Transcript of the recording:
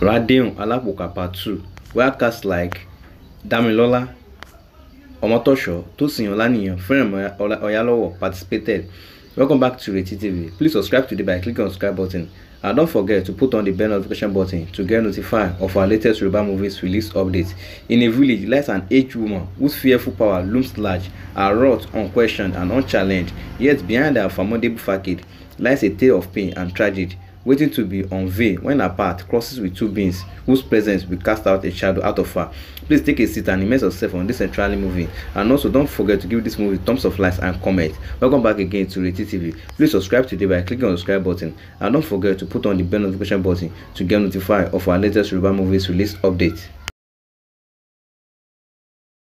Radeon Alapuka Part 2 Wildcats like Damilola Omotosho, Tosin Olaniyan, Feranmi Oyalowo participated. Welcome back to Reti TV. Please subscribe today by clicking on the subscribe button. And don't forget to put on the bell notification button to get notified of our latest Yoruba movies release update. In a village lies an aged woman whose fearful power looms large, her wrought unquestioned and unchallenged, yet behind her formidable facade lies a tale of pain and tragedy waiting to be unveiled when her path crosses with two beings whose presence will cast out a shadow out of her. Please take a seat and immerse yourself on this entirely movie. And also don't forget to give this movie thumbs up likes and comment. Welcome back again to Reality TV. Please subscribe today by clicking on the subscribe button. And don't forget to put on the bell notification button to get notified of our latest Yoruba movies release update.